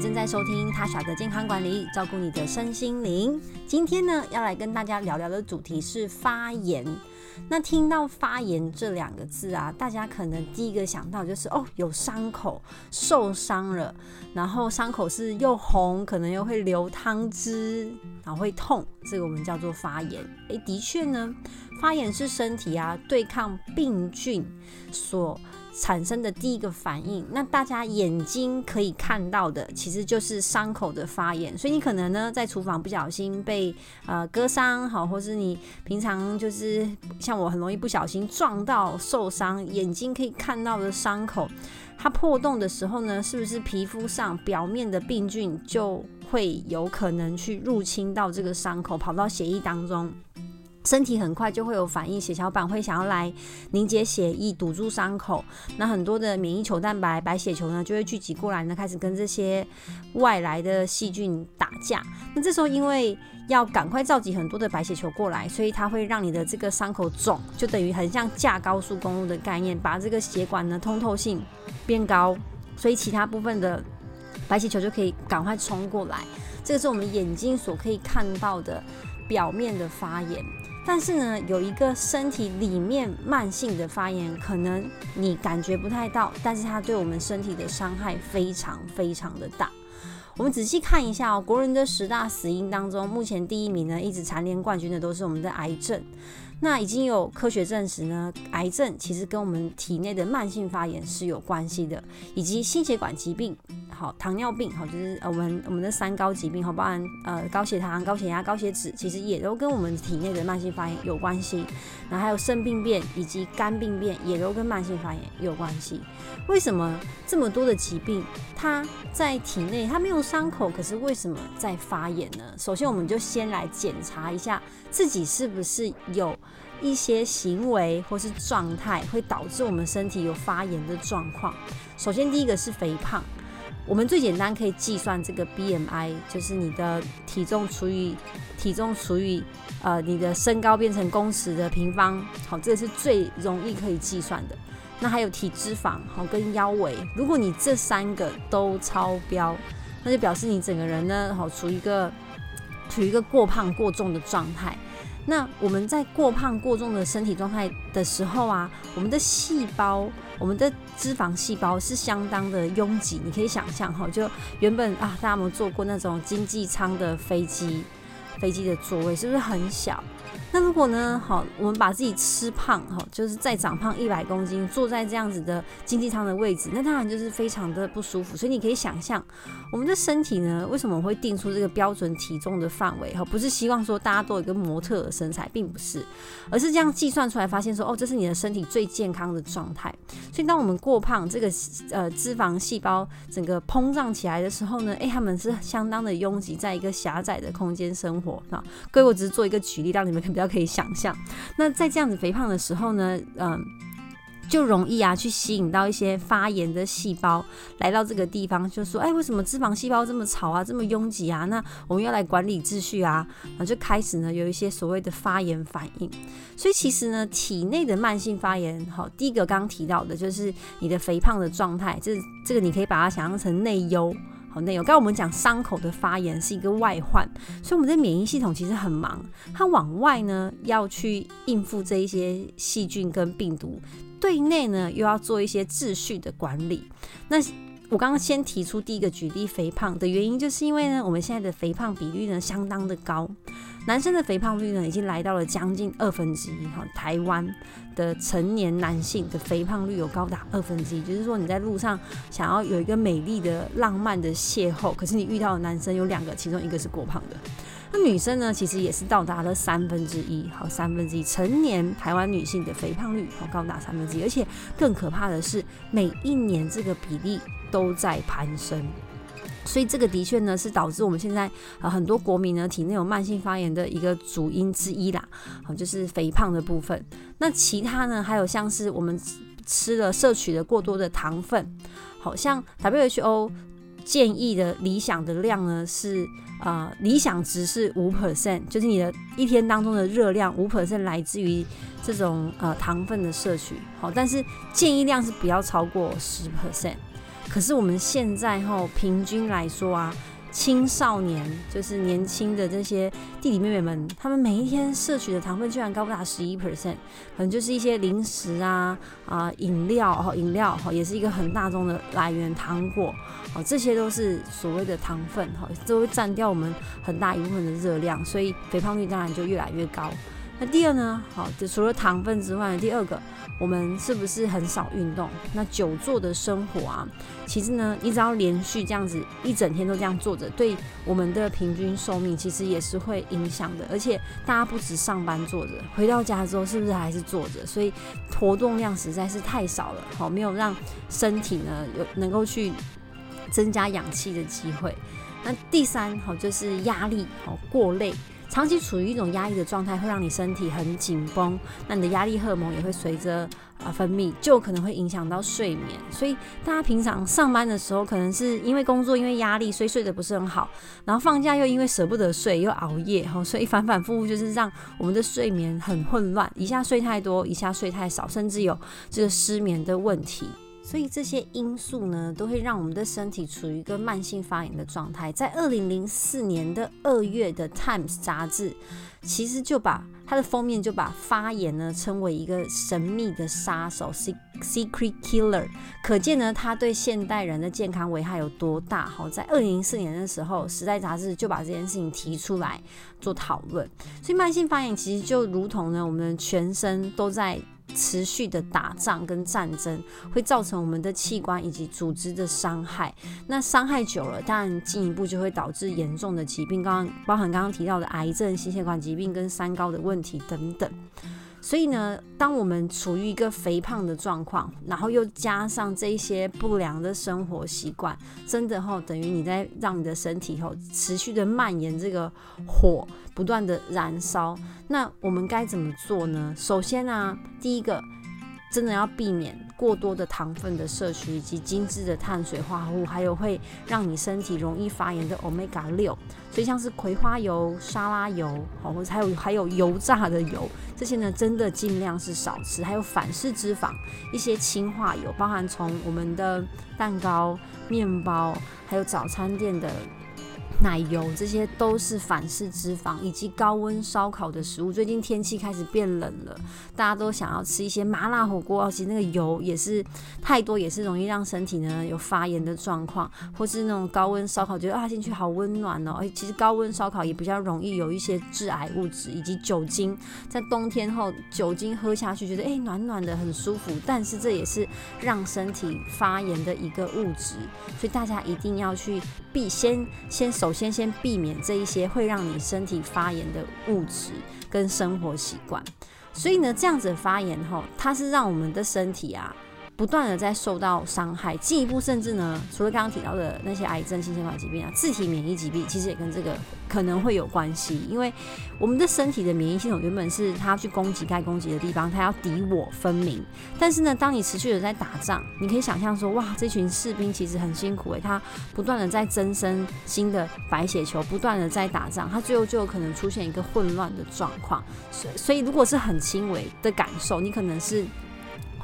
正在收聽 Tasha 的健康管理，照顧你的身心靈。今天呢，要來跟大家聊聊的主題是發炎。那聽到發炎這兩個字啊，大家可能第一個想到就是哦，有傷口受傷了，然後傷口是又紅，可能又會流湯汁，然後會痛，這個我們叫做發炎。誒，的確呢，發炎是身體啊對抗病菌所產生的第一個反應，那大家眼睛可以看到的，其實就是傷口的發炎。所以你可能呢，在廚房不小心被呃割傷，好，或是你平常就是像我很容易不小心撞到受傷，眼睛可以看到的傷口，它破洞的時候呢，是不是皮膚上表面的病菌就會有可能去入侵到這個傷口，跑到血液當中？身體很快就會有反應，血小板會想要來凝結血液，堵住傷口。那很多的免疫球蛋白、白血球呢，就會聚集過來呢，開始跟這些外來的細菌打架。那這時候因為要趕快召集很多的白血球過來，所以它會讓你的這個傷口腫，就等於很像架高速公路的概念，把這個血管呢通透性，變高，所以其他部分的白血球就可以趕快衝過來。這個是我們眼睛所可以看到的表面的發炎。但是呢，有一個身體裡面慢性的發炎，可能你感覺不太到，但是它對我們身體的傷害非常非常的大。我們仔細看一下哦，國人的十大死因當中，目前第一名呢，一直蟬聯冠軍的都是我們的癌症。那已經有科學證實呢，癌症其實跟我們體內的慢性發炎是有關係的，以及心血管疾病，好，糖尿病，好，就是呃我們我們的三高疾病，好，包含呃高血糖、高血壓、高血脂，其實也都跟我們體內的慢性發炎有關係。然後還有腎病變以及肝病變，也都跟慢性發炎有關係。為什麼這麼多的疾病，它在體內它沒有傷口，可是為什麼在發炎呢？首先我們就先來檢查一下自己是不是有。一些行為或是狀態會導致我們身體有發炎的狀況。首先，第一個是肥胖，我們最簡單可以計算這個 BMI，就是你的體重除以體重除以呃你的身高變成公尺的平方。好，這個是最容易可以計算的。那還有體脂肪，好，跟腰圍，如果你這三個都超標，那就表示你整個人呢，好處一個處一個過胖過重的狀態。那我們在過胖過重的身體狀態的時候啊，我們的細胞，我們的脂肪細胞是相當的擁擠。你可以想象哈，就原本啊，大家有沒有坐過那種經濟艙的飛機？飛機的座位是不是很小？那如果呢？好，我們把自己吃胖，哈，就是再長胖一百公斤，坐在這樣子的經濟艙的位置，那當然就是非常的不舒服。所以你可以想象，我們的身體呢，為什麼會定出這個標準體重的範圍？哈，不是希望說大家都有一個模特的身材，並不是，而是這樣計算出來，發現說，哦，這是你的身體最健康的狀態。所以當我們過胖，這個呃脂肪細胞整個膨脹起來的時候呢，哎、欸，他們是相當的擁擠，在一個狹窄的空間生活。啊，各位，我只是做一個舉例，讓你們看。要可以想象，那在這樣子肥胖的時候呢，嗯，就容易啊，去吸引到一些發炎的細胞來到這個地方，就說，哎、欸，為什麼脂肪細胞這麼吵啊，這麼擁擠啊？那我們要來管理秩序啊，然後就開始呢，有一些所謂的發炎反應。所以其實呢，體內的慢性發炎，好，第一個剛剛提到的就是你的肥胖的狀態，這這個你可以把它想象成內憂。好內容。剛剛我們講傷口的發炎是一個外患，所以我們的免疫系統其實很忙，它，往外呢要去應付這一些細菌跟病毒，對內呢又要做一些秩序的管理。那我剛剛先提出第一個舉例肥胖的原因，就是因為呢，我們現在的肥胖比率呢相當的高，男生的肥胖率呢已經來到了將近二分之一哈，台灣的成年男性的肥胖率有高達二分之一，就是說你在路上想要有一個美麗的浪漫的邂逅，可是你遇到的男生有兩個，其中一個是過胖的。那女生呢，其實也是到達了三分之一，好，三分之一成年台灣女性的肥胖率好高達三分之一，而且更可怕的是，每一年這個比例都在攀升，所以這個的確呢，是導致我們現在啊、呃、很多國民呢體內有慢性發炎的一個主因之一啦，好、呃，就是肥胖的部分。那其他呢，還有像是我們吃了攝取了過多的糖分，好像 WHO。建議的理想的量呢是啊、呃，理想值是五 percent，就是你的一天當中的熱量五 percent 來自於這種呃糖分的攝取。好，但是建議量是不要超過十 percent。可是我們現在哈，平均來說啊。青少年就是年輕的這些弟弟妹妹們，他們每一天攝取的糖分居然高達十一 percent，可能就是一些零食啊、呃、飲料，飲料也是一個很大宗的來源，糖果這些都是所謂的糖分都會占掉我們很大一部分的熱量，所以肥胖率當然就越來越高。那第二呢？好，就除了糖分之外，第二個，我們是不是很少運動？那久坐的生活啊，其實呢，你只要連續這樣子一整天都這樣坐着，對我們的平均壽命其實也是會影響的。而且大家不止上班坐着，回到家之後是不是還是坐着？所以活動量實在是太少了，好，沒有讓身體呢有能夠去增加氧氣的機會。那第三，好就是壓力，好過累。長期處於一種壓抑的狀態，會讓你身體很緊繃，那你的壓力荷爾蒙也會隨着啊分泌，就可能會影響到睡眠。所以大家平常上班的時候，可能是因為工作、因為壓力，所以睡得不是很好；然後放假又因為捨不得睡，又熬夜，哈，所以反反复覆就是讓我們的睡眠很混亂，一下睡太多，一下睡太少，甚至有這個失眠的問題。所以這些因素呢，都會讓我們的身體處於一個慢性發炎的狀態。在二零零四年的二月的《Times》雜誌，其實就把它的封面就把發炎呢稱為一個神秘的殺手 （secret killer），可見呢它對現代人的健康危害有多大。好，在二零零四年的時候，《時代》雜誌就把這件事情提出來做討論。所以慢性發炎其實就如同呢，我們全身都在。持續的打仗跟戰爭，會造成我們的器官以及組織的傷害，那傷害久了，當然進一步就會導致嚴重的疾病，剛包含剛剛提到的癌症、心血管疾病跟三高的問題等等。所以呢，當我們處於一個肥胖的狀況，然後又加上這些不良的生活習慣，真的，哦、等於你在讓你的身體哈、哦、持續的蔓延這個火，不斷的燃燒。那我們該怎麼做呢？首先呢，啊，第一個，真的要避免。過多的糖分的攝取，以及精致的碳水化合物，還有會讓你身體容易發炎的歐米伽六，所以像是葵花油、沙拉油，或、哦、還有還有油炸的油，這些呢，真的盡量是少吃。還有反式脂肪，一些氫化油，包含從我們的蛋糕、麵包，還有早餐店的。奶油，這些都是反式脂肪，以及高溫燒烤的食物。最近天氣開始變冷了，大家都想要吃一些麻辣火鍋。其實那個油也是太多，也是容易讓身體呢有發炎的狀況，或是那種高溫燒烤，覺得啊進去好溫暖哦。哎、欸，其實高溫燒烤也比較容易有一些致癌物質，以及酒精。在冬天後，酒精喝下去覺得哎、欸、暖暖的很舒服，但是這也是讓身體發炎的一個物質。所以大家一定要去避先先手。首先先避免這一些會讓你身體發炎的物質跟生活習慣，所以呢，這樣子的發炎後，它是讓我們的身體啊。不斷的在受到傷害，進一步甚至呢，除了剛剛提到的那些癌症、心血管疾病啊，自體免疫疾病，其實也跟這個可能會有關係。因為我們的身體的免疫系統原本是它去攻擊該攻擊的地方，它要敵我分明。但是呢，當你持續的在打仗，你可以想象說，哇，這群士兵其實很辛苦誒、欸，他不斷的在增生新的白血球，不斷的在打仗，他最後就有可能出現一個混亂的狀況。所所以，所以如果是很輕微的感受，你可能是。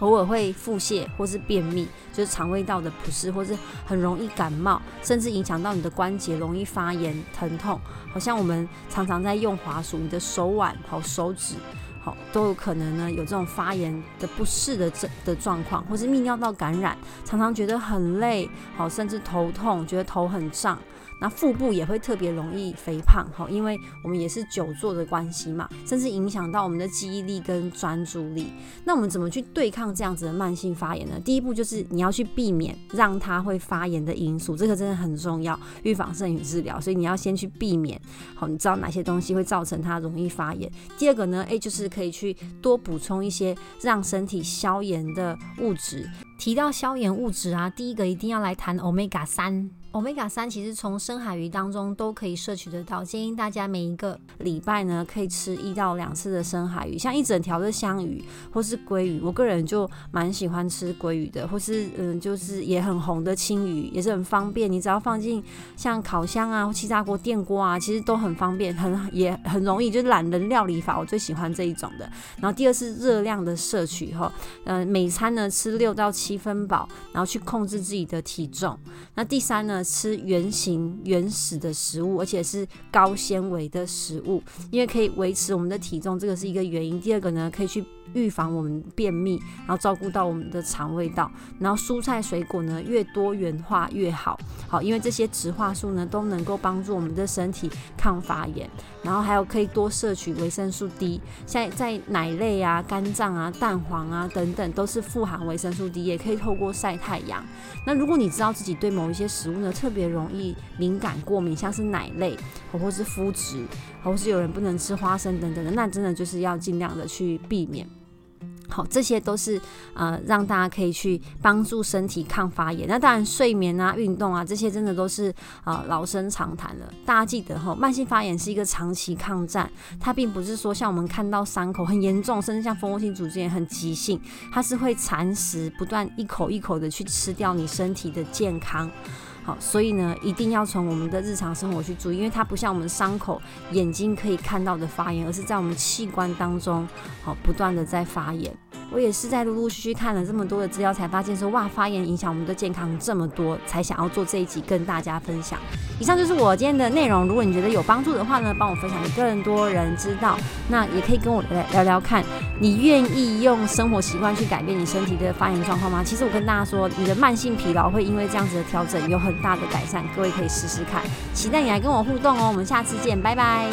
偶爾會腹瀉或是便秘，就是腸胃道的不適，或是很容易感冒，甚至影響到你的關節，容易發炎，疼痛。好像我們常常在用滑鼠，你的手腕好手指好都有可能呢，有這種發炎的不適的症的狀況，或是泌尿道感染，常常覺得很累，好甚至頭痛，覺得頭很脹。那腹部也會特別容易肥胖哈，因為我們也是久坐的關係嘛，甚至影響到我們的記憶力跟專注力。那我們怎麼去對抗這樣子的慢性發炎呢？第一步就是你要去避免讓它會發炎的因素，這個真的很重要，預防勝於治療。所以你要先去避免，好，你知道哪些東西會造成它容易發炎？第二個呢，誒，就是可以去多補充一些讓身體消炎的物質。提到消炎物質啊，第一個一定要來談 Omega 三。Omega 三其實從深海魚當中都可以攝取得到，建議大家每一個禮拜呢可以吃一到兩次的深海魚，像一整條的香魚或是鮭魚，我個人就蠻喜歡吃鮭魚的，或是嗯就是也很紅的青魚，也是很方便，你只要放進像烤箱啊、或氣炸鍋、電鍋啊，其實都很方便，很也很容易，就是懶人料理法，我最喜歡這一種的。然後第二是熱量的攝取，哈，嗯，每餐呢吃六到七分飽，然後去控制自己的體重。那第三呢？吃原型原始的食物，而且是高纖維的食物，因為可以維持我們的體重，這個是一個原因。第二個呢，可以去預防我們便秘，然後照顧到我們的腸胃道，然後蔬菜水果呢，越多元化越好，好，因為這些植化素呢都能夠幫助我們的身體抗發炎，然後還有可以多攝取維生素 D，像在奶類啊、肝臟啊、蛋黃啊等等都是富含維生素 D，也可以透過曬太陽。那如果你知道自己對某一些食物呢特別容易敏感過敏，像是奶類，或者是麩質，或是有人不能吃花生等等的，那真的就是要盡量的去避免。好，這些都是呃，讓大家可以去幫助身體抗發炎。那當然，睡眠啊、運動啊，這些真的都是呃老生常談了。大家記得哈，慢性發炎是一個長期抗戰，它並不是說像我們看到傷口很嚴重，甚至像蜂窩性組織炎很急性，它是會蠶食，不斷一口一口的去吃掉你身體的健康。好，所以呢，一定要從我們的日常生活去注意，因為它不像我們傷口、眼睛，可以看到的發炎，而是在我們器官當中，好，不斷的在發炎。我也是在陸陸續續看了這麼多的資料，才發現說哇，發炎影響我們的健康這麼多，才想要做這一集跟大家分享。以上就是我今天的內容。如果你覺得有幫助的話呢，幫我分享給更多人知道。那也可以跟我聊聊看，你願意用生活習慣去改變你身體的發炎狀況嗎？其實我跟大家說，你的慢性疲勞會因為這樣子的調整有很大的改善，各位可以試試看。期待你來跟我互動哦，我們下次見，拜拜。